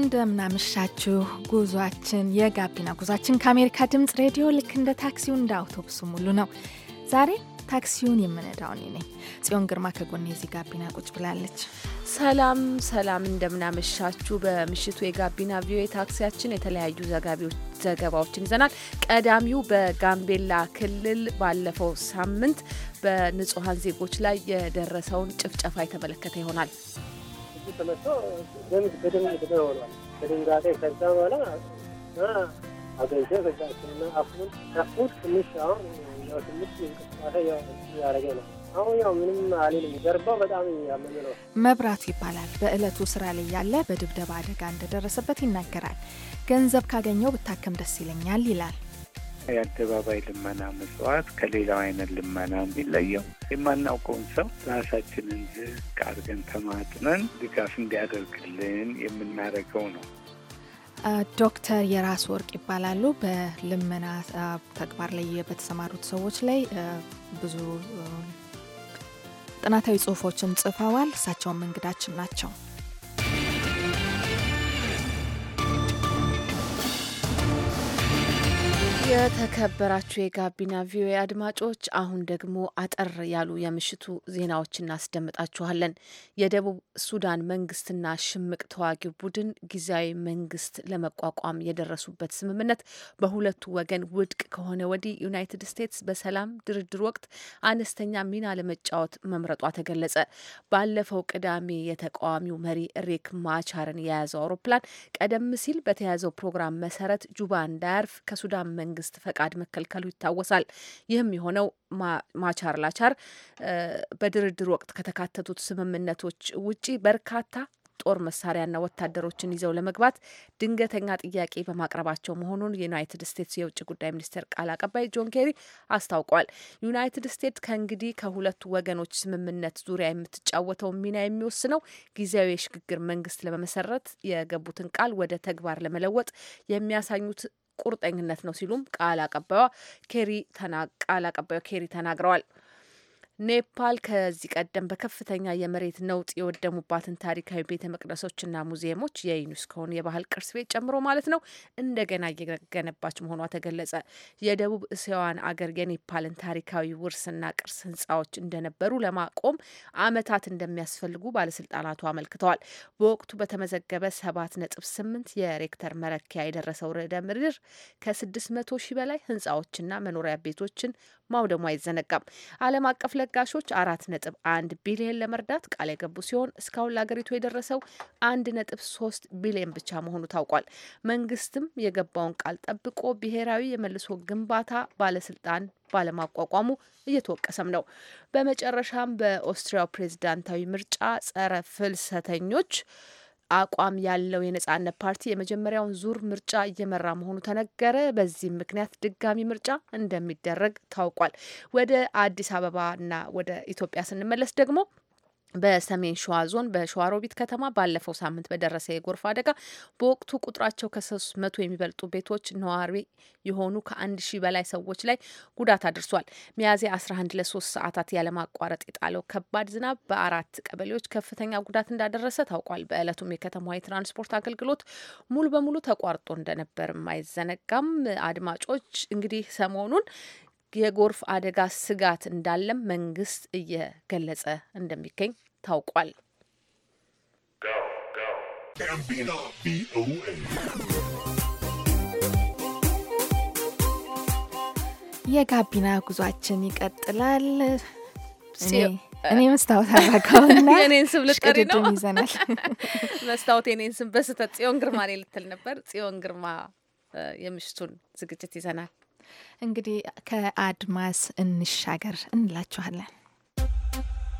እንደምናመሻችሁ ጉዟችን የጋቢና ጉዟችን ከአሜሪካ ድምፅ ሬዲዮ ልክ እንደ ታክሲው እንደ አውቶቡሱ ሙሉ ነው። ዛሬ ታክሲውን የምነዳው እኔ ነኝ ጽዮን ግርማ፣ ከጎኔ የዚህ ጋቢና ቁጭ ብላለች። ሰላም ሰላም፣ እንደምናመሻችሁ። በምሽቱ የጋቢና ቪኦኤ ታክሲያችን የተለያዩ ዘገባዎችን ይዘናል። ቀዳሚው በጋምቤላ ክልል ባለፈው ሳምንት በንጹሐን ዜጎች ላይ የደረሰውን ጭፍጨፋ የተመለከተ ይሆናል። ተመቶ ደምግ በደንብ ግደው በድንጋጤ ከዛ በኋላ በዛችና አፉን አፉን ትንሽ አሁን ያው ትንሽ እንቅስቃሴ ያደረገ ነው። አሁን ያው ምንም አልልም። ጀርባው በጣም ያመመ ነው። መብራት ይባላል። በእለቱ ስራ ላይ ያለ በድብደባ አደጋ እንደደረሰበት ይናገራል። ገንዘብ ካገኘው ብታከም ደስ ይለኛል ይላል። የአደባባይ ልመና መስዋዕት ከሌላው አይነት ልመና የሚለየው የማናውቀውን ሰው ራሳችንን ዝቅ አድርገን ተማጥነን ድጋፍ እንዲያደርግልን የምናደርገው ነው። ዶክተር የራስ ወርቅ ይባላሉ። በልመና ተግባር ላይ በተሰማሩት ሰዎች ላይ ብዙ ጥናታዊ ጽሁፎችን ጽፈዋል። እሳቸውም እንግዳችን ናቸው። የተከበራችሁ የጋቢና ቪኦኤ አድማጮች አሁን ደግሞ አጠር ያሉ የምሽቱ ዜናዎችን እናስደምጣችኋለን። የደቡብ ሱዳን መንግስትና ሽምቅ ተዋጊ ቡድን ጊዜያዊ መንግስት ለመቋቋም የደረሱበት ስምምነት በሁለቱ ወገን ውድቅ ከሆነ ወዲህ ዩናይትድ ስቴትስ በሰላም ድርድር ወቅት አነስተኛ ሚና ለመጫወት መምረጧ ተገለጸ። ባለፈው ቅዳሜ የተቃዋሚው መሪ ሪክ ማቻርን የያዘው አውሮፕላን ቀደም ሲል በተያዘው ፕሮግራም መሰረት ጁባ እንዳያርፍ ከሱዳን መንግስት መንግስት ፈቃድ መከልከሉ ይታወሳል። ይህም የሆነው ማቻር ላቻር በድርድር ወቅት ከተካተቱት ስምምነቶች ውጪ በርካታ ጦር መሳሪያና ወታደሮችን ይዘው ለመግባት ድንገተኛ ጥያቄ በማቅረባቸው መሆኑን የዩናይትድ ስቴትስ የውጭ ጉዳይ ሚኒስቴር ቃል አቀባይ ጆን ኬሪ አስታውቋል። ዩናይትድ ስቴትስ ከእንግዲህ ከሁለቱ ወገኖች ስምምነት ዙሪያ የምትጫወተው ሚና የሚወስነው ጊዜያዊ የሽግግር መንግስት ለመመሰረት የገቡትን ቃል ወደ ተግባር ለመለወጥ የሚያሳዩት ቁርጠኝነት ነው ሲሉም ቃል አቀባዩ ኬሪ ቃል አቀባዩ ኬሪ ተናግረዋል። ኔፓል ከዚህ ቀደም በከፍተኛ የመሬት ነውጥ የወደሙባትን ታሪካዊ ቤተ መቅደሶችና ሙዚየሞች የዩኒስኮን የባህል ቅርስ ቤት ጨምሮ ማለት ነው እንደገና እየገነባች መሆኗ ተገለጸ። የደቡብ እስያዋን አገር የኔፓልን ታሪካዊ ውርስና ቅርስ ህንፃዎች እንደነበሩ ለማቆም አመታት እንደሚያስፈልጉ ባለስልጣናቱ አመልክተዋል። በወቅቱ በተመዘገበ ስምንት የሬክተር መለኪያ የደረሰው ርዕደ ምድር ከስድስት መቶ ሺህ በላይ ህንፃዎችና መኖሪያ ቤቶችን ማውደሙ አይዘነጋም። ዓለም አቀፍ ለጋሾች አራት ነጥብ አንድ ቢሊየን ለመርዳት ቃል የገቡ ሲሆን እስካሁን ለአገሪቱ የደረሰው አንድ ነጥብ ሶስት ቢሊየን ብቻ መሆኑ ታውቋል። መንግስትም የገባውን ቃል ጠብቆ ብሔራዊ የመልሶ ግንባታ ባለስልጣን ባለማቋቋሙ እየተወቀሰም ነው። በመጨረሻም በኦስትሪያው ፕሬዝዳንታዊ ምርጫ ጸረ ፍልሰተኞች አቋም ያለው የነጻነት ፓርቲ የመጀመሪያውን ዙር ምርጫ እየመራ መሆኑ ተነገረ። በዚህም ምክንያት ድጋሚ ምርጫ እንደሚደረግ ታውቋል። ወደ አዲስ አበባና ወደ ኢትዮጵያ ስንመለስ ደግሞ በሰሜን ሸዋ ዞን በሸዋሮቢት ከተማ ባለፈው ሳምንት በደረሰ የጎርፍ አደጋ በወቅቱ ቁጥራቸው ከሶስት መቶ የሚበልጡ ቤቶች ነዋሪ የሆኑ ከአንድ ሺህ በላይ ሰዎች ላይ ጉዳት አድርሷል። ሚያዝያ 11 ለሶስት ሰዓታት ያለማቋረጥ የጣለው ከባድ ዝናብ በአራት ቀበሌዎች ከፍተኛ ጉዳት እንዳደረሰ ታውቋል። በዕለቱም የከተማዋ የትራንስፖርት አገልግሎት ሙሉ በሙሉ ተቋርጦ እንደነበርም አይዘነጋም። አድማጮች እንግዲህ ሰሞኑን የጎርፍ አደጋ ስጋት እንዳለም መንግስት እየገለጸ እንደሚገኝ ታውቋል። የጋቢና ጉዟችን ይቀጥላል። እኔ መስታወት አረጋውና የኔን ስም ልጠሪ ነው ይዘናል። መስታወት የኔን ስም በስህተት ጽዮን ግርማ እኔ ልትል ነበር። ጽዮን ግርማ የምሽቱን ዝግጅት ይዘናል። እንግዲህ ከአድማስ እንሻገር እንላችኋለን።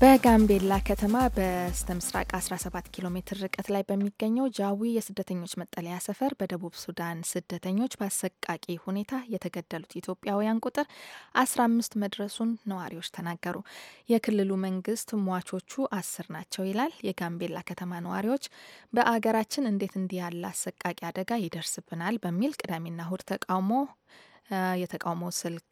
በጋምቤላ ከተማ በስተ ምስራቅ 17 ኪሎ ሜትር ርቀት ላይ በሚገኘው ጃዊ የስደተኞች መጠለያ ሰፈር በደቡብ ሱዳን ስደተኞች በአሰቃቂ ሁኔታ የተገደሉት ኢትዮጵያውያን ቁጥር 15 መድረሱን ነዋሪዎች ተናገሩ። የክልሉ መንግስት ሟቾቹ አስር ናቸው ይላል። የጋምቤላ ከተማ ነዋሪዎች በአገራችን እንዴት እንዲህ ያለ አሰቃቂ አደጋ ይደርስብናል በሚል ቅዳሜና እሁድ ተቃውሞ የተቃውሞ ስልክ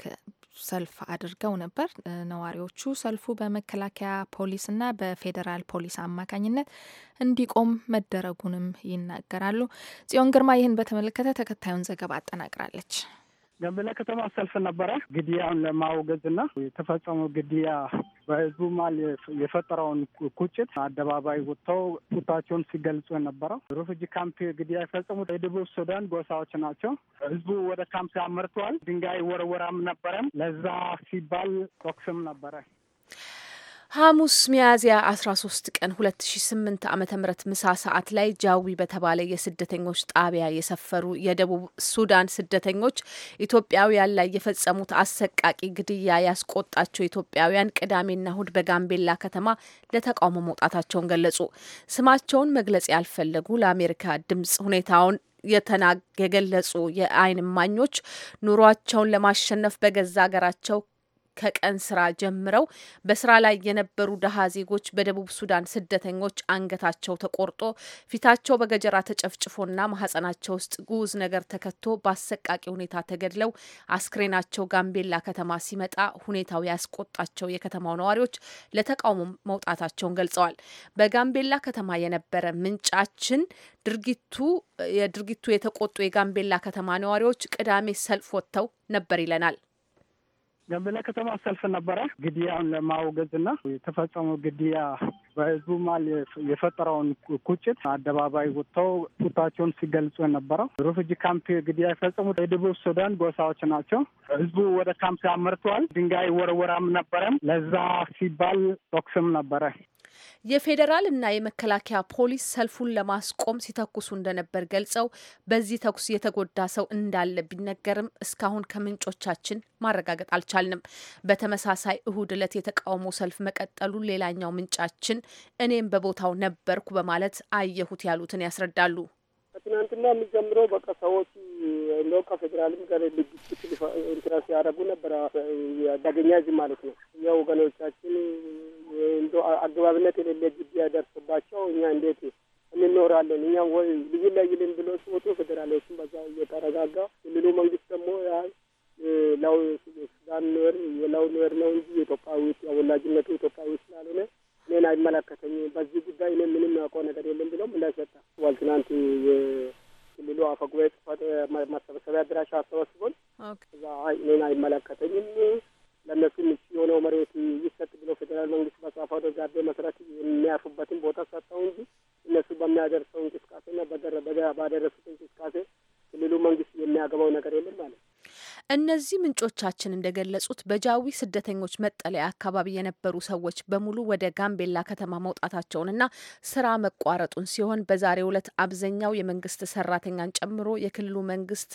ሰልፍ አድርገው ነበር። ነዋሪዎቹ ሰልፉ በመከላከያ ፖሊስና በፌዴራል ፖሊስ አማካኝነት እንዲቆም መደረጉንም ይናገራሉ። ጽዮን ግርማ ይህን በተመለከተ ተከታዩን ዘገባ አጠናቅራለች። ጋምቤላ ከተማ ሰልፍ ነበረ። ግድያውን ለማውገዝ የተፈጸመው ግድያ በህዝቡ ማል የፈጠረውን ቁጭት አደባባይ ወጥተው ቁጣቸውን ሲገልጹ የነበረው ሩፍጂ ካምፕ ግድያ የፈጸሙት የደቡብ ሱዳን ጎሳዎች ናቸው። ህዝቡ ወደ ካምፕ አመርተዋል። ድንጋይ ወረወራም ነበረም። ለዛ ሲባል ቶክስም ነበረ። ሐሙስ ሚያዝያ 13 ቀን 2008 ዓ ም ምሳ ሰዓት ላይ ጃዊ በተባለ የስደተኞች ጣቢያ የሰፈሩ የደቡብ ሱዳን ስደተኞች ኢትዮጵያውያን ላይ የፈጸሙት አሰቃቂ ግድያ ያስቆጣቸው ኢትዮጵያውያን ቅዳሜና እሁድ በጋምቤላ ከተማ ለተቃውሞ መውጣታቸውን ገለጹ። ስማቸውን መግለጽ ያልፈለጉ ለአሜሪካ ድምጽ ሁኔታውን የገለጹ የአይን እማኞች ኑሯቸውን ለማሸነፍ በገዛ ሀገራቸው ከቀን ስራ ጀምረው በስራ ላይ የነበሩ ደሀ ዜጎች በደቡብ ሱዳን ስደተኞች አንገታቸው ተቆርጦ ፊታቸው በገጀራ ተጨፍጭፎና ማህጸናቸው ውስጥ ጉዝ ነገር ተከቶ በአሰቃቂ ሁኔታ ተገድለው አስክሬናቸው ጋምቤላ ከተማ ሲመጣ ሁኔታው ያስቆጣቸው የከተማው ነዋሪዎች ለተቃውሞ መውጣታቸውን ገልጸዋል። በጋምቤላ ከተማ የነበረ ምንጫችን ድርጊቱ የድርጊቱ የተቆጡ የጋምቤላ ከተማ ነዋሪዎች ቅዳሜ ሰልፍ ወጥተው ነበር ይለናል። ጋምቤላ ከተማ ሰልፍ ነበረ። ግድያውን ለማውገዝ እና የተፈጸመው ግድያ በህዝቡ ማል የፈጠረውን ቁጭት አደባባይ ወጥተው ቁጣቸውን ሲገልጹ የነበረው ሩፍጂ ካምፕ ግድያ የፈጸሙት የደቡብ ሱዳን ጎሳዎች ናቸው። ህዝቡ ወደ ካምፕ አመርተዋል። ድንጋይ ወረወራም ነበረም። ለዛ ሲባል ቶክስም ነበረ። የፌዴራል እና የመከላከያ ፖሊስ ሰልፉን ለማስቆም ሲተኩሱ እንደነበር ገልጸው በዚህ ተኩስ የተጎዳ ሰው እንዳለ ቢነገርም እስካሁን ከምንጮቻችን ማረጋገጥ አልቻልንም። በተመሳሳይ እሁድ ዕለት የተቃውሞ ሰልፍ መቀጠሉ ሌላኛው ምንጫችን እኔም በቦታው ነበርኩ በማለት አየሁት ያሉትን ያስረዳሉ። ትናንትና የሚጀምረው በቃ ሰዎች እንደው ከፌዴራልም ጋር ግጭት እንትና ሲያደርጉ ነበር። አደገኛ ህዝብ ማለት ነው። እኛ ወገኖቻችን እንደ አግባብነት የሌለ ግድያ ያደርስባቸው እኛ እንዴት እንኖራለን? እኛ ወይ ልዩ ለይልን ብሎ ሲወጡ ፌዴራሎችን በዛ እየተረጋጋ ክልሉ መንግስት ደግሞ ላው ሱዳን ኑር የላው ኑር ነው እንጂ ኢትዮጵያዊ ወላጅነቱ ኢትዮጵያዊ ስላልሆነ እኔን አይመለከተኝም፣ በዚህ ጉዳይ እኔ ምንም ያውቀው ነገር የለም ብለው ምላሽ ሰጠ። ዋል ትናንት የክልሉ አፈ ጉባኤ ጽፈት ማሰባሰቢያ አድራሻ አሰባስቦን እዛ እኔን አይመለከተኝም ለእነሱ ምቹ የሆነው መሬት ይሰጥ ብሎ ፌዴራል መንግስት በጻፈው ደብዳቤ መሰረት የሚያርፉበትን ቦታ ሰጠው እንጂ እነሱ በሚያደርሰው እንቅስቃሴና ባደረሱት እንቅስቃሴ ክልሉ መንግስት የሚያገባው ነገር የለም። እነዚህ ምንጮቻችን እንደገለጹት በጃዊ ስደተኞች መጠለያ አካባቢ የነበሩ ሰዎች በሙሉ ወደ ጋምቤላ ከተማ መውጣታቸውንና ስራ መቋረጡን ሲሆን በዛሬው ዕለት አብዛኛው የመንግስት ሰራተኛን ጨምሮ የክልሉ መንግስት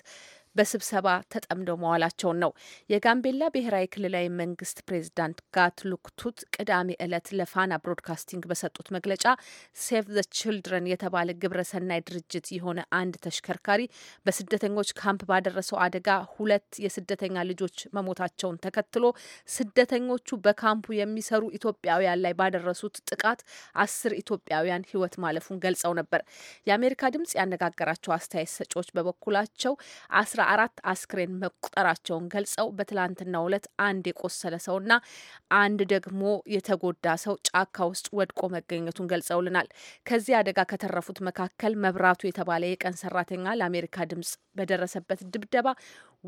በስብሰባ ተጠምደው መዋላቸውን ነው። የጋምቤላ ብሔራዊ ክልላዊ መንግስት ፕሬዚዳንት ጋት ሉክቱት ቅዳሜ ዕለት ለፋና ብሮድካስቲንግ በሰጡት መግለጫ ሴቭ ዘ ችልድረን የተባለ ሰናይ ድርጅት የሆነ አንድ ተሽከርካሪ በስደተኞች ካምፕ ባደረሰው አደጋ ሁለት የስደተኛ ልጆች መሞታቸውን ተከትሎ ስደተኞቹ በካምፑ የሚሰሩ ኢትዮጵያውያን ላይ ባደረሱት ጥቃት አስር ኢትዮጵያውያን ሕይወት ማለፉን ገልጸው ነበር። የአሜሪካ ድምጽ ያነጋገራቸው አስተያየት ሰጪዎች በበኩላቸው አስራ አራት አስክሬን መቁጠራቸውን ገልጸው በትላንትናው ሁለት አንድ የቆሰለ ሰውና አንድ ደግሞ የተጎዳ ሰው ጫካ ውስጥ ወድቆ መገኘቱን ገልጸውልናል። ከዚህ አደጋ ከተረፉት መካከል መብራቱ የተባለ የቀን ሰራተኛ ለአሜሪካ ድምጽ በደረሰበት ድብደባ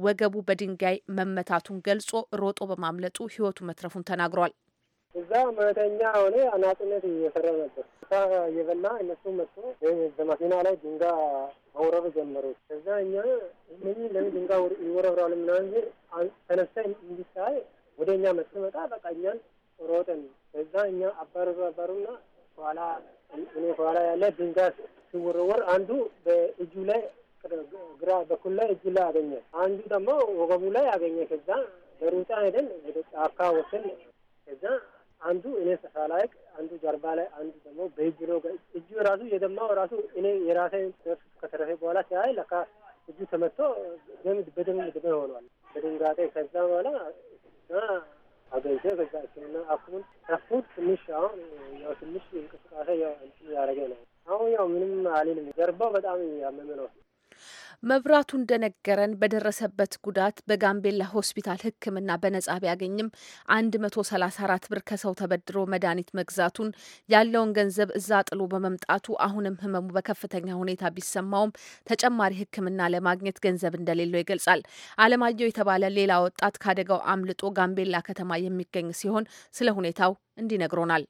ወገቡ በድንጋይ መመታቱን ገልጾ ሮጦ በማምለጡ ሕይወቱ መትረፉን ተናግሯል። እዛ መተኛ ሆኔ አናጥነት እየሰራ ነበር አሳ የበላ እነሱ መጥቶ በማኪና ላይ ድንጋ መውረብ ጀመሩ። ከዛ እኛ ምን ለምን ድንጋ ይወረብራሉ ምናምን ተነሳ እንዲታይ ወደ እኛ መጥ መጣ። በቃ እኛን ሮጠን ከዛ እኛ አባረሩ አባሩና ኋላ እኔ ኋላ ያለ ድንጋ ሲወረወር አንዱ በእጁ ላይ ግራ በኩል ላይ እጁ ላይ አገኘ፣ አንዱ ደግሞ ወገቡ ላይ አገኘ። ከዛ በሩጫ ሄደን ወደ ጫካ ወስን ከዛ አንዱ እኔ ሰፋ ላይ አንዱ ጀርባ ላይ አንዱ ደግሞ በእጅሮ እጁ ራሱ የደማው ራሱ እኔ የራሴ ነፍስ ከተረፈ በኋላ ሲያይ ለካ እጁ ተመቶ በደም ድበ ሆኗል። በድንጋጤ ከዛ በኋላ አገኝቼ ከዛ ሕክምና አፉን ተፉት። ትንሽ አሁን ያው ትንሽ እንቅስቃሴ ያው እንትን ያደረገ ነው። አሁን ያው ምንም አልልም። ጀርባው በጣም ያመመ ነው። መብራቱ እንደነገረን በደረሰበት ጉዳት በጋምቤላ ሆስፒታል ሕክምና በነጻ ቢያገኝም 134 ብር ከሰው ተበድሮ መድኃኒት መግዛቱን ያለውን ገንዘብ እዛ ጥሎ በመምጣቱ አሁንም ህመሙ በከፍተኛ ሁኔታ ቢሰማውም ተጨማሪ ሕክምና ለማግኘት ገንዘብ እንደሌለው ይገልጻል። አለማየሁ የተባለ ሌላ ወጣት ከአደጋው አምልጦ ጋምቤላ ከተማ የሚገኝ ሲሆን ስለ ሁኔታው እንዲነግሮናል።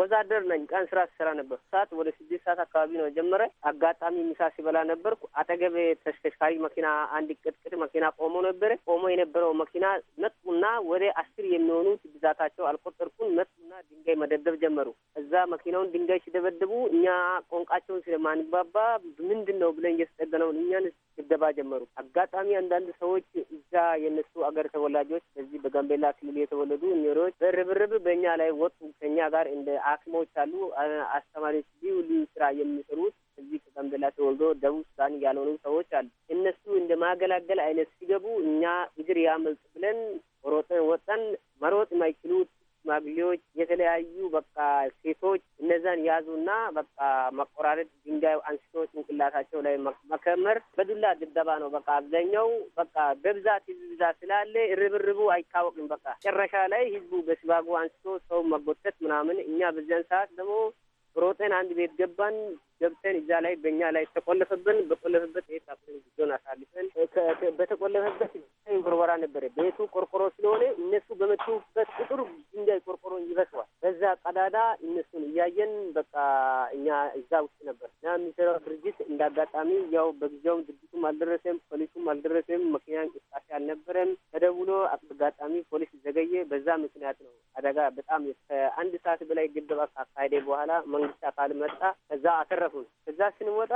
ወዛደር ነኝ። ቀን ስራ ስሰራ ነበር። ሰዓት ወደ ስድስት ሰዓት አካባቢ ነው ጀመረ። አጋጣሚ ምሳ ሲበላ ነበርኩ። አጠገቤ ተሽከሽካሪ መኪና አንድ ቅጥቅጥ መኪና ቆሞ ነበረ። ቆሞ የነበረው መኪና መጡና ወደ አስር የሚሆኑት ብዛታቸው አልቆጠርኩም። መጡና ድንጋይ መደብደብ ጀመሩ። እዛ መኪናውን ድንጋይ ሲደበድቡ እኛ ቋንቋቸውን ስለማንግባባ ምንድን ነው ብለን እየተጠገነውን እኛን ድብደባ ጀመሩ። አጋጣሚ አንዳንድ ሰዎች እዛ የነሱ አገር ተወላጆች በዚህ በጋምቤላ ክልል የተወለዱ ኔሮዎች በርብርብ በእኛ ላይ ወጡ። ከኛ ጋር እንደ ሐኪሞች አሉ፣ አስተማሪዎች፣ ልዩ ልዩ ስራ የሚሰሩት እዚህ ከጋምቤላ ተወልዶ ደቡብ ሱዳን ያልሆኑ ሰዎች አሉ። እነሱ እንደ ማገላገል አይነት ሲገቡ እኛ እግር ያመልጥ ብለን ሮጠን ወጠን መሮጥ የማይችሉት ሽማግሌዎች፣ የተለያዩ በቃ ሴቶች እነዛን ያዙና በቃ መቆራረጥ፣ ድንጋይ አንስቶ ጭንቅላታቸው ላይ መከመር፣ በዱላ ድብደባ ነው። በቃ አብዛኛው በቃ በብዛት ህዝብ ብዛት ስላለ ርብርቡ አይታወቅም። በቃ ጨረሻ ላይ ህዝቡ በሲባጎ አንስቶ ሰው መጎተት ምናምን። እኛ በዚያን ሰዓት ደግሞ ሮጠን አንድ ቤት ገባን። ገብተን እዛ ላይ በእኛ ላይ ተቆለፈብን። በቆለፈበት ቤት አፍን ጊዜን አሳልፈን በተቆለፈበት ወርወራ ነበረ። ቤቱ ቆርቆሮ ስለሆነ እነሱ በመቱበት ቁጥር በዛ ቀዳዳ እነሱን እያየን በቃ እኛ እዛ ውስጥ ነበር እና የሚሰራው ድርጅት እንዳጋጣሚ ያው በጊዜውም ድርጅቱም አልደረሰም፣ ፖሊሱም አልደረሰም፣ መኪና እንቅስቃሴ አልነበረም። ተደውሎ አጋጣሚ ፖሊስ ዘገየ። በዛ ምክንያት ነው አደጋ በጣም ከአንድ ሰዓት በላይ ግድባ ካካሄደ በኋላ መንግስት አካል መጣ። ከዛ አተረፉን። ከዛ ስንወጣ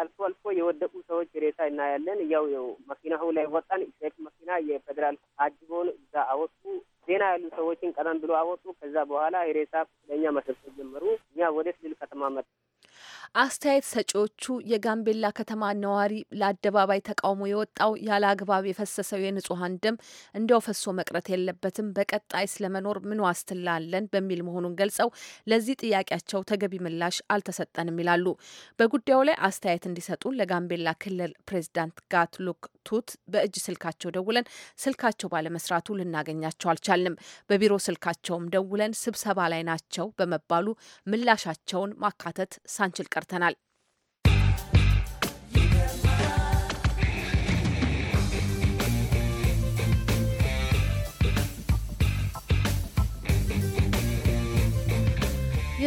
አልፎ አልፎ የወደቁ ሰዎች ሬሳ እናያለን። ያው ያው መኪናው ላይ ወጣን። ኢሴክ መኪና የፌዴራል አጅቦን እዛ አወጡ። ዜና ያሉ ሰዎችን ቀደም ብሎ አወጡ። ከዛ በኋላ ሬሳ ለእኛ መሰብሰብ ጀመሩ። እኛ ወደ ስልል ከተማ መጣ አስተያየት ሰጪዎቹ የጋምቤላ ከተማ ነዋሪ ለአደባባይ ተቃውሞ የወጣው ያለ አግባብ የፈሰሰው የንጹሐን ደም እንዲያው ፈሶ መቅረት የለበትም፣ በቀጣይ ስለመኖር ምን ዋስትና አለን በሚል መሆኑን ገልጸው ለዚህ ጥያቄያቸው ተገቢ ምላሽ አልተሰጠንም ይላሉ። በጉዳዩ ላይ አስተያየት እንዲሰጡን ለጋምቤላ ክልል ፕሬዚዳንት ጋት ሉክ ቱት በእጅ ስልካቸው ደውለን ስልካቸው ባለመስራቱ ልናገኛቸው አልቻልንም። በቢሮ ስልካቸውም ደውለን ስብሰባ ላይ ናቸው በመባሉ ምላሻቸውን ማካተት ሳንችል ቀርተናል።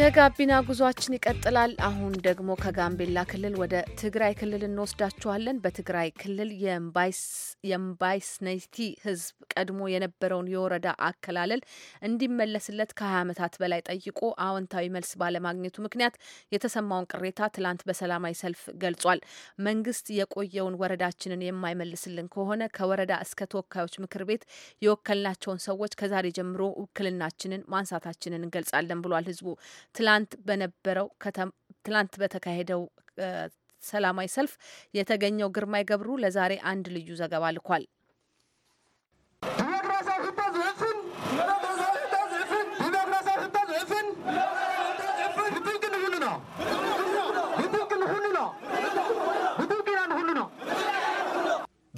የጋቢና ጉዟችን ይቀጥላል። አሁን ደግሞ ከጋምቤላ ክልል ወደ ትግራይ ክልል እንወስዳችኋለን። በትግራይ ክልል የምባይስነቲ ሕዝብ ቀድሞ የነበረውን የወረዳ አከላለል እንዲመለስለት ከ20 ዓመታት በላይ ጠይቆ አዎንታዊ መልስ ባለማግኘቱ ምክንያት የተሰማውን ቅሬታ ትላንት በሰላማዊ ሰልፍ ገልጿል። መንግስት የቆየውን ወረዳችንን የማይመልስልን ከሆነ ከወረዳ እስከ ተወካዮች ምክር ቤት የወከልናቸውን ሰዎች ከዛሬ ጀምሮ ውክልናችንን ማንሳታችንን እንገልጻለን ብሏል ህዝቡ። ትላንት በነበረው ትላንት በተካሄደው ሰላማዊ ሰልፍ የተገኘው ግርማይ ገብሩ ለዛሬ አንድ ልዩ ዘገባ ልኳል።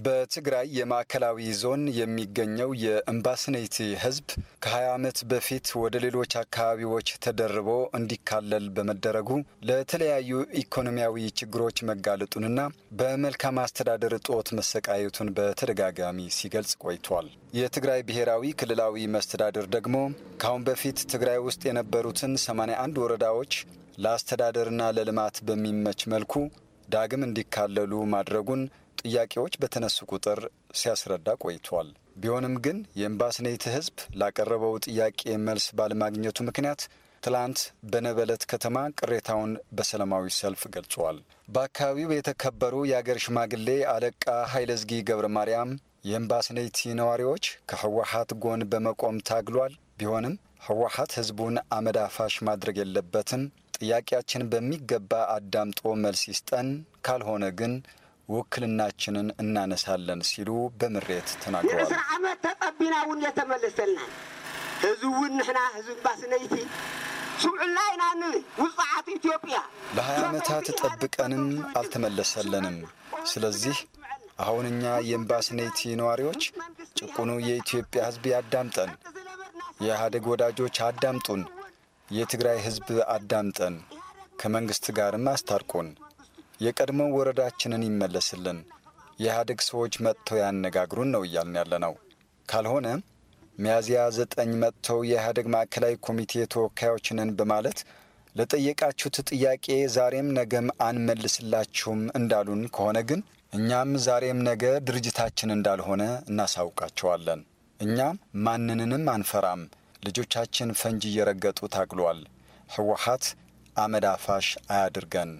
በትግራይ የማዕከላዊ ዞን የሚገኘው የእምባስኔቲ ህዝብ ከ20 ዓመት በፊት ወደ ሌሎች አካባቢዎች ተደርቦ እንዲካለል በመደረጉ ለተለያዩ ኢኮኖሚያዊ ችግሮች መጋለጡንና በመልካም አስተዳደር እጦት መሰቃየቱን በተደጋጋሚ ሲገልጽ ቆይቷል። የትግራይ ብሔራዊ ክልላዊ መስተዳድር ደግሞ ከአሁን በፊት ትግራይ ውስጥ የነበሩትን 81 ወረዳዎች ለአስተዳደርና ለልማት በሚመች መልኩ ዳግም እንዲካለሉ ማድረጉን ጥያቄዎች በተነሱ ቁጥር ሲያስረዳ ቆይቷል። ቢሆንም ግን የኤምባሲኔት ህዝብ ላቀረበው ጥያቄ መልስ ባለማግኘቱ ምክንያት ትላንት በነበለት ከተማ ቅሬታውን በሰላማዊ ሰልፍ ገልጿል። በአካባቢው የተከበሩ የአገር ሽማግሌ አለቃ ኃይለዝጊ ገብረ ማርያም የኤምባሲኔቲ ነዋሪዎች ከህወሀት ጎን በመቆም ታግሏል። ቢሆንም ህወሀት ህዝቡን አመዳፋሽ ማድረግ የለበትም፣ ጥያቄያችን በሚገባ አዳምጦ መልስ ይስጠን፣ ካልሆነ ግን ውክልናችንን እናነሳለን ሲሉ በምሬት ተናግረዋል። ንስራ ዓመት ተጠቢና እውን የተመለሰልና ህዝቡ ንሕና ህዝብ ባስነይቲ ስምዑላይና ንውፅዓት ኢትዮጵያ ለሀያ ዓመታት ጠብቀንም አልተመለሰለንም። ስለዚህ አሁን እኛ የእምባስኔቲ ነዋሪዎች ጭቁኑ የኢትዮጵያ ህዝብ ያዳምጠን፣ የኢህአዴግ ወዳጆች አዳምጡን፣ የትግራይ ህዝብ አዳምጠን፣ ከመንግሥት ጋርም አስታርቁን የቀድሞው ወረዳችንን ይመለስልን፣ የኢህአዴግ ሰዎች መጥተው ያነጋግሩን ነው እያልን ያለ ነው። ካልሆነ ሚያዝያ ዘጠኝ መጥተው የኢህአዴግ ማዕከላዊ ኮሚቴ ተወካዮችንን በማለት ለጠየቃችሁት ጥያቄ ዛሬም ነገም አንመልስላችሁም እንዳሉን ከሆነ ግን እኛም ዛሬም ነገ ድርጅታችን እንዳልሆነ እናሳውቃቸዋለን። እኛም ማንንንም አንፈራም። ልጆቻችን ፈንጂ እየረገጡ ታግሏል። ህወሓት አመድ አፋሽ አያድርገን።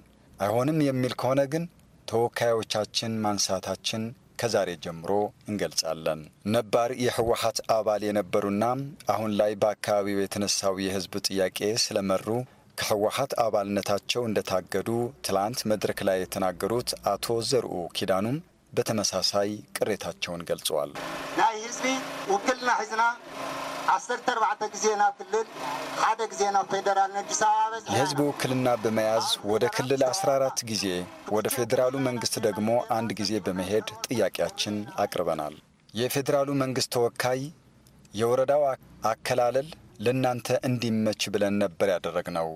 አይሆንም የሚል ከሆነ ግን ተወካዮቻችን ማንሳታችን ከዛሬ ጀምሮ እንገልጻለን። ነባር የህወሓት አባል የነበሩና አሁን ላይ በአካባቢው የተነሳው የህዝብ ጥያቄ ስለመሩ ከህወሓት አባልነታቸው እንደታገዱ ትላንት መድረክ ላይ የተናገሩት አቶ ዘርኡ ኪዳኑም በተመሳሳይ ቅሬታቸውን ገልጸዋል። ናይ ህዝቢ ውክልና ሒዝና 14 ግዜ ክልል ሓደ ፌደራል ነዲስ አበባ የህዝብ ውክልና በመያዝ ወደ ክልል 14 ጊዜ ወደ ፌዴራሉ መንግስት ደግሞ አንድ ጊዜ በመሄድ ጥያቄያችን አቅርበናል። የፌዴራሉ መንግስት ተወካይ የወረዳው አከላለል ለእናንተ እንዲመች ብለን ነበር ያደረግነው፣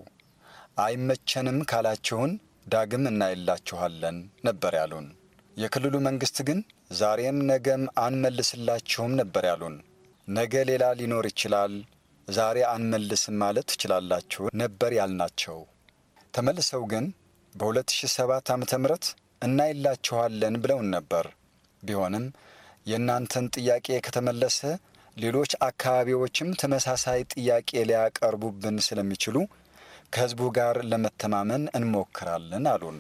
አይመቸንም ካላችሁን ዳግም እናይላችኋለን ነበር ያሉን። የክልሉ መንግስት ግን ዛሬም ነገም አንመልስላችሁም ነበር ያሉን። ነገ ሌላ ሊኖር ይችላል፣ ዛሬ አንመልስም ማለት ትችላላችሁ ነበር ያልናቸው። ተመልሰው ግን በ2007 ዓ ም እናይላችኋለን ብለውን ነበር። ቢሆንም የእናንተን ጥያቄ ከተመለሰ ሌሎች አካባቢዎችም ተመሳሳይ ጥያቄ ሊያቀርቡብን ስለሚችሉ ከሕዝቡ ጋር ለመተማመን እንሞክራለን አሉን።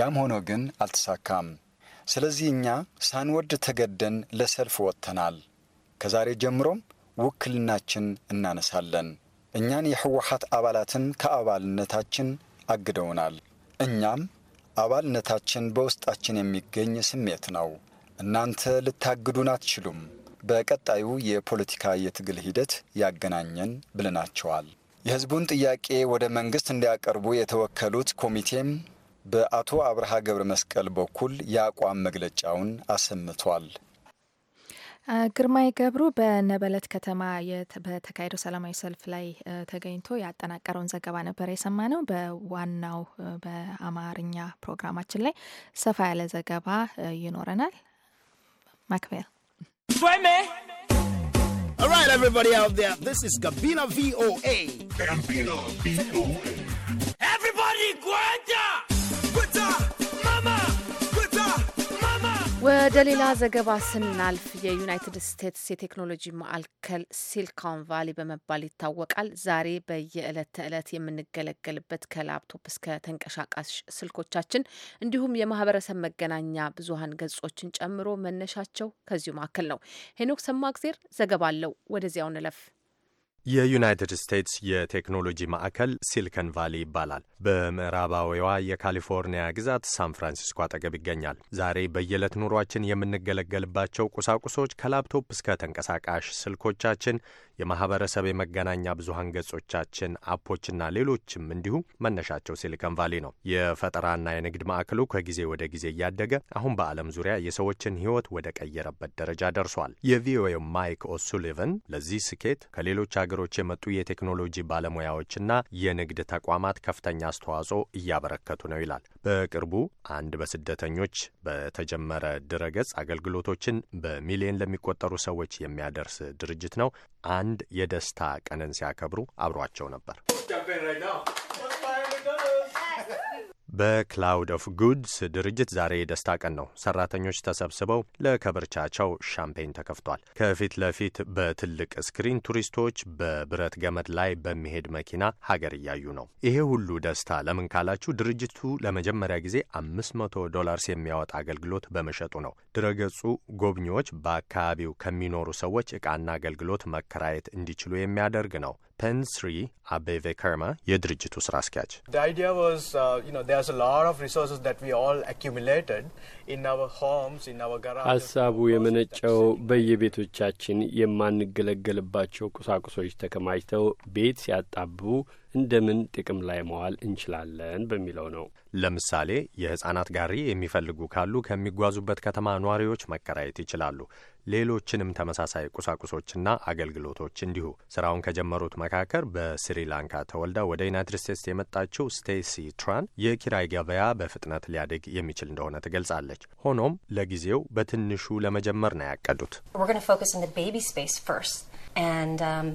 ያም ሆኖ ግን አልተሳካም። ስለዚህ እኛ ሳንወድ ተገደን ለሰልፍ ወጥተናል። ከዛሬ ጀምሮም ውክልናችን እናነሳለን። እኛን የህወሓት አባላትን ከአባልነታችን አግደውናል። እኛም አባልነታችን በውስጣችን የሚገኝ ስሜት ነው። እናንተ ልታግዱን አትችሉም። በቀጣዩ የፖለቲካ የትግል ሂደት ያገናኘን ብለናቸዋል። የህዝቡን ጥያቄ ወደ መንግስት እንዲያቀርቡ የተወከሉት ኮሚቴም በአቶ አብርሃ ገብረ መስቀል በኩል የአቋም መግለጫውን አሰምቷል። ግርማይ ገብሩ በነበለት ከተማ በተካሄደው ሰላማዊ ሰልፍ ላይ ተገኝቶ ያጠናቀረውን ዘገባ ነበር የሰማ ነው። በዋናው በአማርኛ ፕሮግራማችን ላይ ሰፋ ያለ ዘገባ ይኖረናል። ማክቤል All right, everybody out there, this is Gabina VOA. Gabina VOA. ወደ ሌላ ዘገባ ስናልፍ የዩናይትድ ስቴትስ የቴክኖሎጂ ማዕከል ሲሊኮን ቫሊ በመባል ይታወቃል። ዛሬ በየዕለት ተዕለት የምንገለገልበት ከላፕቶፕ እስከ ተንቀሳቃሽ ስልኮቻችን እንዲሁም የማህበረሰብ መገናኛ ብዙሀን ገጾችን ጨምሮ መነሻቸው ከዚሁ ማዕከል ነው። ሄኖክ ሰማእግዜር ዘገባ አለው። ወደዚያው ንለፍ። የዩናይትድ ስቴትስ የቴክኖሎጂ ማዕከል ሲሊከን ቫሊ ይባላል። በምዕራባዊዋ የካሊፎርኒያ ግዛት ሳን ፍራንሲስኮ አጠገብ ይገኛል። ዛሬ በየዕለት ኑሯችን የምንገለገልባቸው ቁሳቁሶች ከላፕቶፕ እስከ ተንቀሳቃሽ ስልኮቻችን የማህበረሰብ የመገናኛ ብዙሀን ገጾቻችን፣ አፖችና ሌሎችም እንዲሁ መነሻቸው ሲሊከን ቫሊ ነው። የፈጠራና የንግድ ማዕከሉ ከጊዜ ወደ ጊዜ እያደገ አሁን በዓለም ዙሪያ የሰዎችን ህይወት ወደ ቀየረበት ደረጃ ደርሷል። የቪኦኤ ማይክ ኦሱሊቨን ለዚህ ስኬት ከሌሎች ሀገሮች የመጡ የቴክኖሎጂ ባለሙያዎችና የንግድ ተቋማት ከፍተኛ አስተዋጽኦ እያበረከቱ ነው ይላል። በቅርቡ አንድ በስደተኞች በተጀመረ ድረገጽ አገልግሎቶችን በሚሊዮን ለሚቆጠሩ ሰዎች የሚያደርስ ድርጅት ነው አንድ የደስታ ቀንን ሲያከብሩ አብሯቸው ነበር። በክላውድ ኦፍ ጉድስ ድርጅት ዛሬ የደስታ ቀን ነው። ሰራተኞች ተሰብስበው ለከብርቻቸው ሻምፔን ተከፍቷል። ከፊት ለፊት በትልቅ ስክሪን ቱሪስቶች በብረት ገመድ ላይ በሚሄድ መኪና ሀገር እያዩ ነው። ይሄ ሁሉ ደስታ ለምን ካላችሁ ድርጅቱ ለመጀመሪያ ጊዜ 500 ዶላርስ የሚያወጣ አገልግሎት በመሸጡ ነው። ድረገጹ ጎብኚዎች በአካባቢው ከሚኖሩ ሰዎች እቃና አገልግሎት መከራየት እንዲችሉ የሚያደርግ ነው። ፐንስሪ አቤቬ ከርማ የድርጅቱ ስራ አስኪያጅ፣ ሀሳቡ uh, የመነጨው በየቤቶቻችን የማንገለገልባቸው ቁሳቁሶች ተከማችተው ቤት ሲያጣብቡ እንደምን ጥቅም ላይ መዋል እንችላለን በሚለው ነው። ለምሳሌ የህጻናት ጋሪ የሚፈልጉ ካሉ ከሚጓዙበት ከተማ ነዋሪዎች መከራየት ይችላሉ። ሌሎችንም ተመሳሳይ ቁሳቁሶችና አገልግሎቶች እንዲሁ። ስራውን ከጀመሩት መካከል በስሪላንካ ተወልዳ ወደ ዩናይትድ ስቴትስ የመጣችው ስቴሲ ትራን የኪራይ ገበያ በፍጥነት ሊያድግ የሚችል እንደሆነ ትገልጻለች። ሆኖም ለጊዜው በትንሹ ለመጀመር ነው ያቀዱት። Um,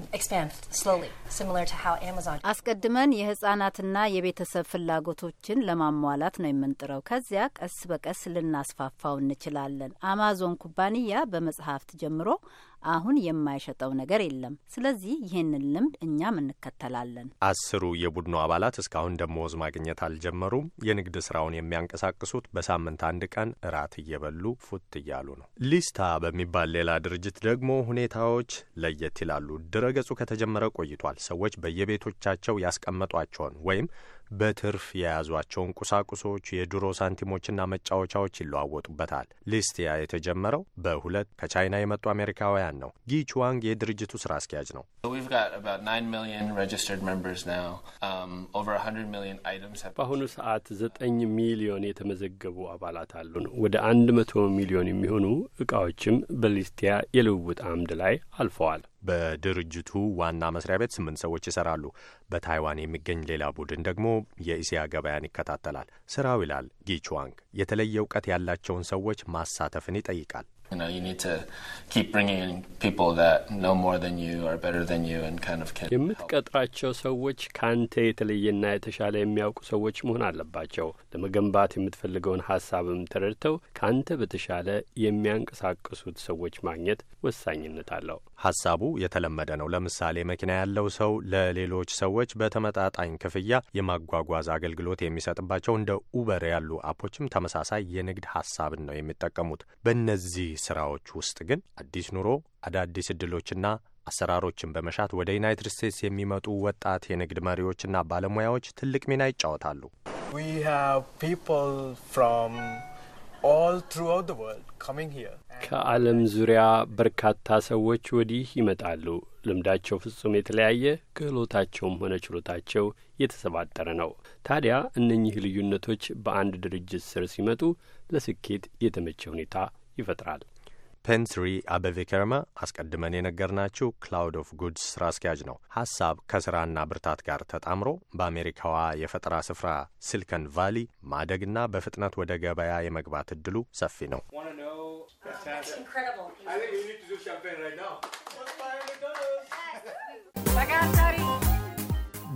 አስቀድመን የህጻናትና የቤተሰብ ፍላጎቶችን ለማሟላት ነው የምንጥረው። ከዚያ ቀስ በቀስ ልናስፋፋው እንችላለን። አማዞን ኩባንያ በመጽሐፍት ጀምሮ አሁን የማይሸጠው ነገር የለም። ስለዚህ ይህንን ልምድ እኛም እንከተላለን። አስሩ የቡድኑ አባላት እስካሁን ደመወዝ ማግኘት አልጀመሩም። የንግድ ስራውን የሚያንቀሳቅሱት በሳምንት አንድ ቀን እራት እየበሉ ፉት እያሉ ነው። ሊስታ በሚባል ሌላ ድርጅት ደግሞ ሁኔታዎች ለየት ይላሉ። ድረገጹ ከተጀመረ ቆይቷል። ሰዎች በየቤቶቻቸው ያስቀመጧቸውን ወይም በትርፍ የያዟቸውን ቁሳቁሶች፣ የድሮ ሳንቲሞችና መጫወቻዎች ይለዋወጡበታል። ሊስቲያ የተጀመረው በሁለት ከቻይና የመጡ አሜሪካውያን ነው። ጊቹዋንግ የድርጅቱ ስራ አስኪያጅ ነው። um, በአሁኑ ሰዓት ዘጠኝ ሚሊዮን የተመዘገቡ አባላት አሉን። ወደ አንድ መቶ ሚሊዮን የሚሆኑ እቃዎችም በሊስቲያ የልውውጥ አምድ ላይ አልፈዋል። በድርጅቱ ዋና መስሪያ ቤት ስምንት ሰዎች ይሰራሉ። በታይዋን የሚገኝ ሌላ ቡድን ደግሞ የእስያ ገበያን ይከታተላል። ስራው ይላል ጊችዋንግ የተለየ እውቀት ያላቸውን ሰዎች ማሳተፍን ይጠይቃል። የምትቀጥራቸው ሰዎች ከአንተ የተለየና የተሻለ የሚያውቁ ሰዎች መሆን አለባቸው። ለመገንባት የምትፈልገውን ሀሳብም ተረድተው ከአንተ በተሻለ የሚያንቀሳቅሱት ሰዎች ማግኘት ወሳኝነት አለው። ሀሳቡ የተለመደ ነው። ለምሳሌ መኪና ያለው ሰው ለሌሎች ሰዎች በተመጣጣኝ ክፍያ የማጓጓዝ አገልግሎት የሚሰጥባቸው እንደ ኡበር ያሉ አፖችም ተመሳሳይ የንግድ ሀሳብን ነው የሚጠቀሙት። በእነዚህ ስራዎች ውስጥ ግን አዲስ ኑሮ፣ አዳዲስ እድሎችና አሰራሮችን በመሻት ወደ ዩናይትድ ስቴትስ የሚመጡ ወጣት የንግድ መሪዎችና ባለሙያዎች ትልቅ ሚና ይጫወታሉ። ከዓለም ዙሪያ በርካታ ሰዎች ወዲህ ይመጣሉ። ልምዳቸው ፍጹም የተለያየ፣ ክህሎታቸውም ሆነ ችሎታቸው የተሰባጠረ ነው። ታዲያ እነኚህ ልዩነቶች በአንድ ድርጅት ስር ሲመጡ ለስኬት የተመቸ ሁኔታ ይፈጥራል። ፔንትሪ አበቬ አስቀድመን የነገርናችሁ ክላውድ ኦፍ ጉድስ ስራ አስኪያጅ ነው። ሀሳብ ከስራና ብርታት ጋር ተጣምሮ በአሜሪካዋ የፈጠራ ስፍራ ሲሊከን ቫሊ ማደግና በፍጥነት ወደ ገበያ የመግባት እድሉ ሰፊ ነው። I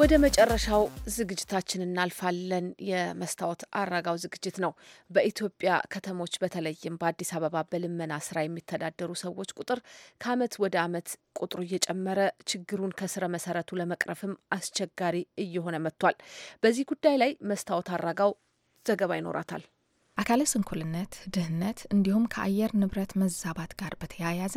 ወደ መጨረሻው ዝግጅታችን እናልፋለን። የመስታወት አራጋው ዝግጅት ነው። በኢትዮጵያ ከተሞች በተለይም በአዲስ አበባ በልመና ስራ የሚተዳደሩ ሰዎች ቁጥር ከአመት ወደ አመት ቁጥሩ እየጨመረ ችግሩን ከስረ መሰረቱ ለመቅረፍም አስቸጋሪ እየሆነ መጥቷል። በዚህ ጉዳይ ላይ መስታወት አራጋው ዘገባ ይኖራታል። አካለ ስንኩልነት፣ ድህነት እንዲሁም ከአየር ንብረት መዛባት ጋር በተያያዘ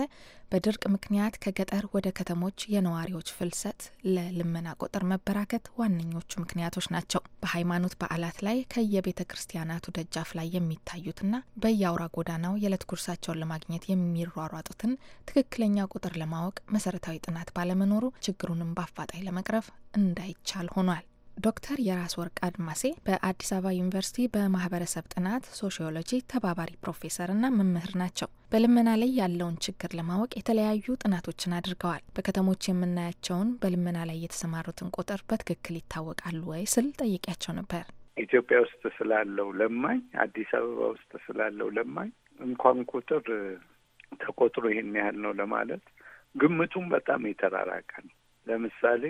በድርቅ ምክንያት ከገጠር ወደ ከተሞች የነዋሪዎች ፍልሰት ለልመና ቁጥር መበራከት ዋነኞቹ ምክንያቶች ናቸው። በሃይማኖት በዓላት ላይ ከየቤተ ክርስቲያናቱ ደጃፍ ላይ የሚታዩትና በየአውራ ጎዳናው የዕለት ጉርሳቸውን ለማግኘት የሚሯሯጡትን ትክክለኛ ቁጥር ለማወቅ መሰረታዊ ጥናት ባለመኖሩ ችግሩንም በአፋጣኝ ለመቅረፍ እንዳይቻል ሆኗል። ዶክተር የራስ ወርቅ አድማሴ በአዲስ አበባ ዩኒቨርሲቲ በማህበረሰብ ጥናት ሶሽዮሎጂ ተባባሪ ፕሮፌሰርና መምህር ናቸው። በልመና ላይ ያለውን ችግር ለማወቅ የተለያዩ ጥናቶችን አድርገዋል። በከተሞች የምናያቸውን በልመና ላይ የተሰማሩትን ቁጥር በትክክል ይታወቃሉ ወይ ስል ጠይቂያቸው ነበር። ኢትዮጵያ ውስጥ ስላለው ለማኝ፣ አዲስ አበባ ውስጥ ስላለው ለማኝ እንኳን ቁጥር ተቆጥሮ ይህን ያህል ነው ለማለት ግምቱም በጣም የተራራቀ ነው። ለምሳሌ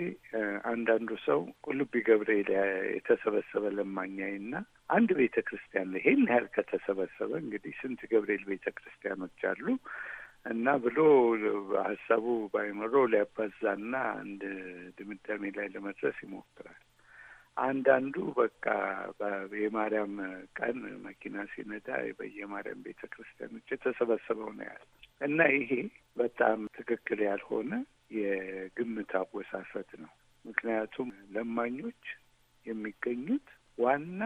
አንዳንዱ ሰው ቁልቢ ገብርኤል የተሰበሰበ ለማኛይና አንድ ቤተ ክርስቲያን ላይ ይሄን ያህል ከተሰበሰበ እንግዲህ ስንት ገብርኤል ቤተ ክርስቲያኖች አሉ እና ብሎ ሀሳቡ ባይኖረው ሊያባዛና አንድ ድምዳሜ ላይ ለመድረስ ይሞክራል። አንዳንዱ በቃ የማርያም ቀን መኪና ሲነዳ በየማርያም ቤተ ክርስቲያኖች የተሰበሰበው ነው ያለ እና ይሄ በጣም ትክክል ያልሆነ የግምት አወሳሰድ ነው። ምክንያቱም ለማኞች የሚገኙት ዋና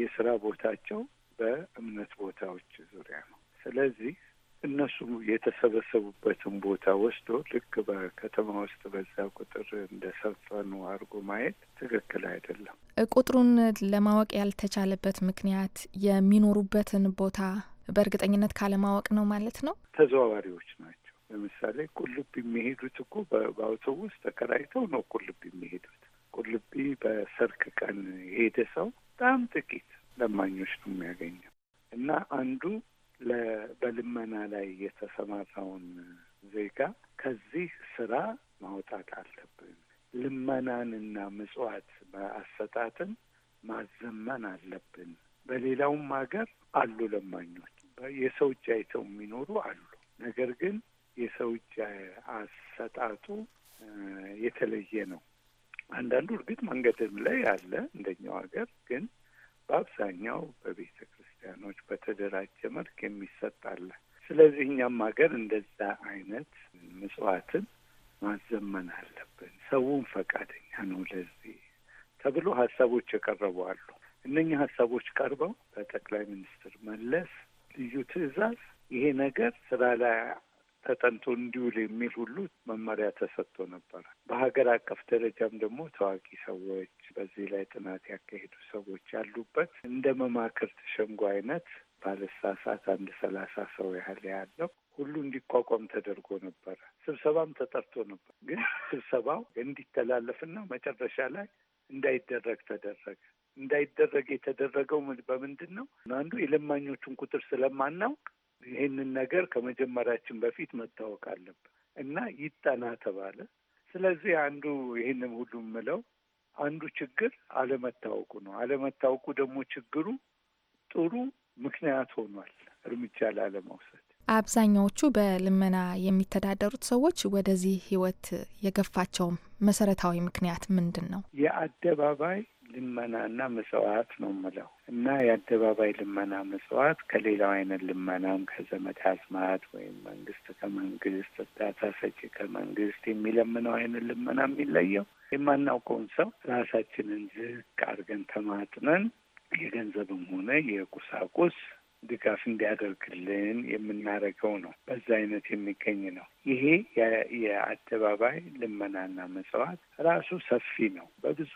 የስራ ቦታቸው በእምነት ቦታዎች ዙሪያ ነው። ስለዚህ እነሱ የተሰበሰቡበትን ቦታ ወስዶ ልክ በከተማ ውስጥ በዛ ቁጥር እንደሰፈኑ አድርጎ ማየት ትክክል አይደለም። ቁጥሩን ለማወቅ ያልተቻለበት ምክንያት የሚኖሩበትን ቦታ በእርግጠኝነት ካለማወቅ ነው ማለት ነው። ተዘዋዋሪዎች ናቸው። ለምሳሌ ቁልቢ የሚሄዱት እኮ በአውቶቡስ ተከራይተው ነው ቁልቢ የሚሄዱት። ቁልቢ በሰርክ ቀን የሄደ ሰው በጣም ጥቂት ለማኞች ነው የሚያገኘው እና አንዱ በልመና ላይ የተሰማራውን ዜጋ ከዚህ ስራ ማውጣት አለብን። ልመናንና ምጽዋት አሰጣትን ማዘመን አለብን። በሌላውም ሀገር አሉ ለማኞች፣ የሰው እጅ አይተው የሚኖሩ አሉ። ነገር ግን የሰው እጅ አሰጣጡ የተለየ ነው። አንዳንዱ እርግጥ መንገድም ላይ አለ እንደኛው ሀገር ግን በአብዛኛው በቤተ ክርስቲያኖች በተደራጀ መልክ የሚሰጥ አለ። ስለዚህ እኛም ሀገር እንደዛ አይነት ምጽዋትን ማዘመን አለብን። ሰውን ፈቃደኛ ነው ለዚህ ተብሎ ሀሳቦች የቀረቡ አሉ። እነኛ ሀሳቦች ቀርበው በጠቅላይ ሚኒስትር መለስ ልዩ ትዕዛዝ ይሄ ነገር ስራ ላይ ተጠንቶ እንዲውል የሚል ሁሉ መመሪያ ተሰጥቶ ነበረ። በሀገር አቀፍ ደረጃም ደግሞ ታዋቂ ሰዎች በዚህ ላይ ጥናት ያካሄዱ ሰዎች ያሉበት እንደ መማክርት ሸንጎ አይነት ባለሳሳት አንድ ሰላሳ ሰው ያህል ያለው ሁሉ እንዲቋቋም ተደርጎ ነበረ። ስብሰባም ተጠርቶ ነበር። ግን ስብሰባው እንዲተላለፍና መጨረሻ ላይ እንዳይደረግ ተደረገ። እንዳይደረግ የተደረገው በምንድን ነው? አንዱ የለማኞቹን ቁጥር ስለማናውቅ ይህንን ነገር ከመጀመሪያችን በፊት መታወቅ አለብን እና ይጠና ተባለ። ስለዚህ አንዱ ይህንም ሁሉ የምለው አንዱ ችግር አለመታወቁ ነው። አለመታወቁ ደግሞ ችግሩ ጥሩ ምክንያት ሆኗል እርምጃ ላለመውሰድ። አብዛኛዎቹ በልመና የሚተዳደሩት ሰዎች ወደዚህ ህይወት የገፋቸው መሰረታዊ ምክንያት ምንድን ነው? የአደባባይ ልመናና መስዋዕት ነው የምለው እና የአደባባይ ልመና መስዋዕት ከሌላው አይነት ልመናም ከዘመድ አዝማት ወይም መንግስት ከመንግስት እርዳታ ሰጪ ከመንግስት የሚለምነው አይነት ልመና የሚለየው የማናውቀውን ሰው ራሳችንን ዝቅ አድርገን ተማጥነን የገንዘብም ሆነ የቁሳቁስ ድጋፍ እንዲያደርግልን የምናደርገው ነው። በዛ አይነት የሚገኝ ነው። ይሄ የአደባባይ ልመናና መጽዋት ራሱ ሰፊ ነው። በብዙ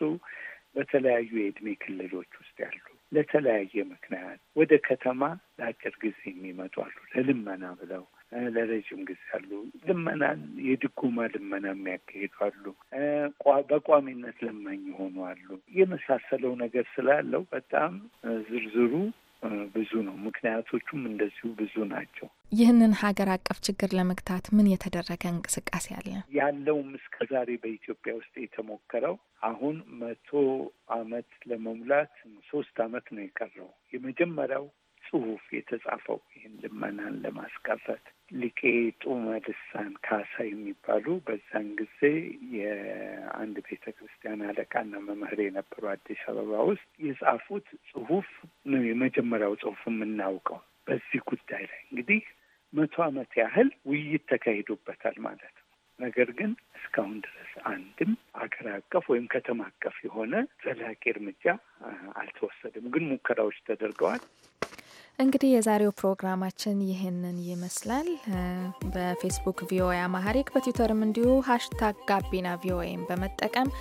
በተለያዩ የእድሜ ክልሎች ውስጥ ያሉ ለተለያየ ምክንያት ወደ ከተማ ለአጭር ጊዜ የሚመጡ አሉ፣ ለልመና ብለው ለረጅም ጊዜ አሉ። ልመናን የድጎማ ልመና የሚያካሂዱ አሉ። በቋሚነት ለማኝ የሆኑ አሉ። የመሳሰለው ነገር ስላለው በጣም ዝርዝሩ ብዙ ነው። ምክንያቶቹም እንደዚሁ ብዙ ናቸው። ይህንን ሀገር አቀፍ ችግር ለመግታት ምን የተደረገ እንቅስቃሴ አለ? ያለውም እስከ ዛሬ በኢትዮጵያ ውስጥ የተሞከረው አሁን መቶ አመት ለመሙላት ሶስት አመት ነው የቀረው። የመጀመሪያው ጽሁፍ የተጻፈው ይህን ልመናን ለማስቀረት ሊቄ ጡመ ልሳን ካሳ የሚባሉ በዛን ጊዜ የአንድ ቤተ ክርስቲያን አለቃና መምህር የነበሩ አዲስ አበባ ውስጥ የጻፉት ጽሁፍ ነው የመጀመሪያው ጽሁፍ የምናውቀው በዚህ ጉዳይ ላይ እንግዲህ መቶ ዓመት ያህል ውይይት ተካሂዶበታል ማለት ነው። ነገር ግን እስካሁን ድረስ አንድም አገር አቀፍ ወይም ከተማ አቀፍ የሆነ ዘላቂ እርምጃ አልተወሰደም። ግን ሙከራዎች ተደርገዋል። እንግዲህ የዛሬው ፕሮግራማችን ይህንን ይመስላል። በፌስቡክ ቪኦኤ አማሐሪክ በትዊተርም እንዲሁ ሀሽታግ ጋቢና ቪኦኤም በመጠቀም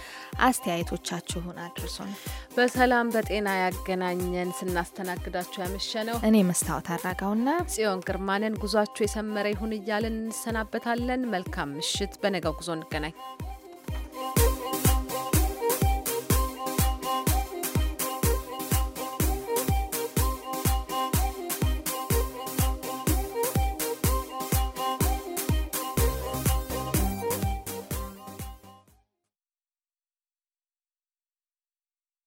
አስተያየቶቻችሁን አድርሱን። በሰላም በጤና ያገናኘን። ስናስተናግዳችሁ ያመሸ ነው እኔ መስታወት አራጋውና ጽዮን ግርማንን። ጉዟችሁ የሰመረ ይሁን እያልን እንሰናበታለን። መልካም ምሽት። በነገው ጉዞ እንገናኝ።